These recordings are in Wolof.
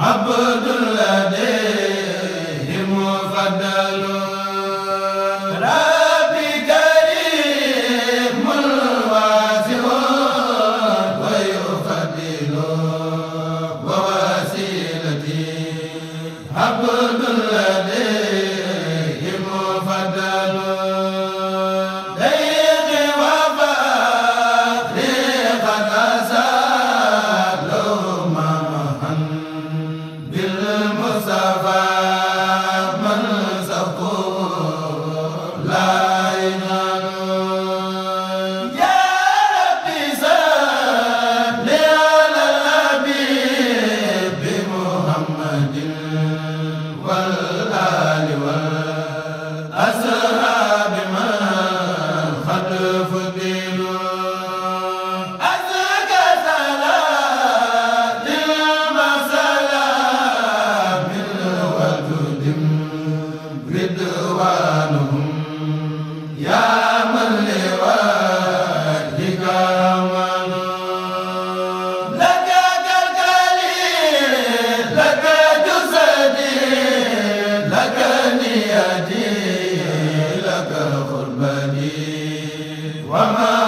abada wa wa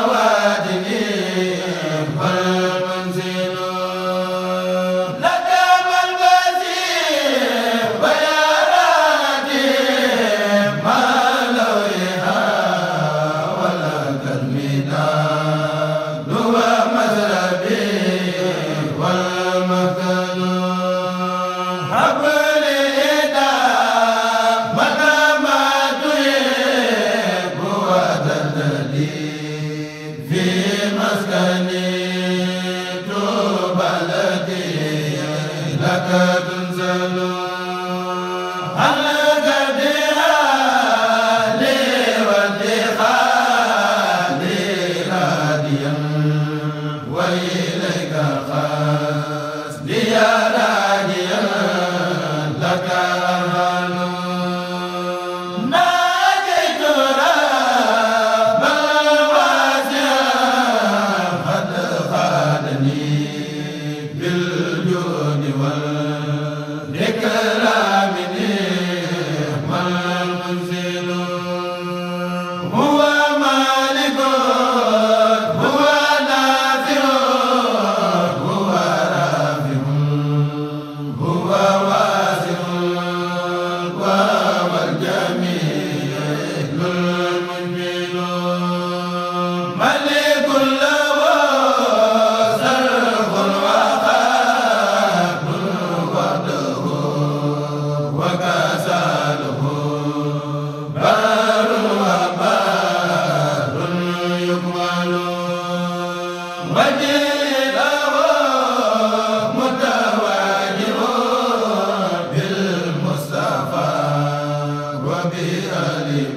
به أهل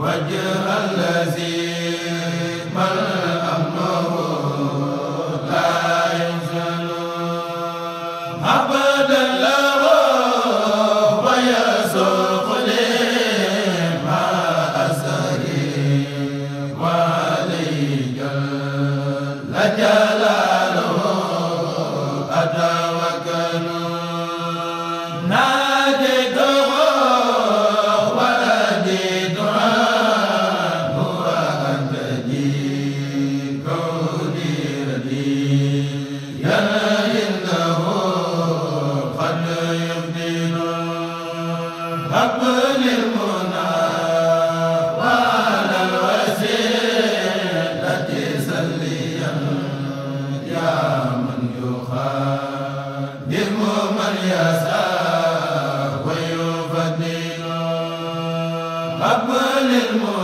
wajha allazi أقبل الموت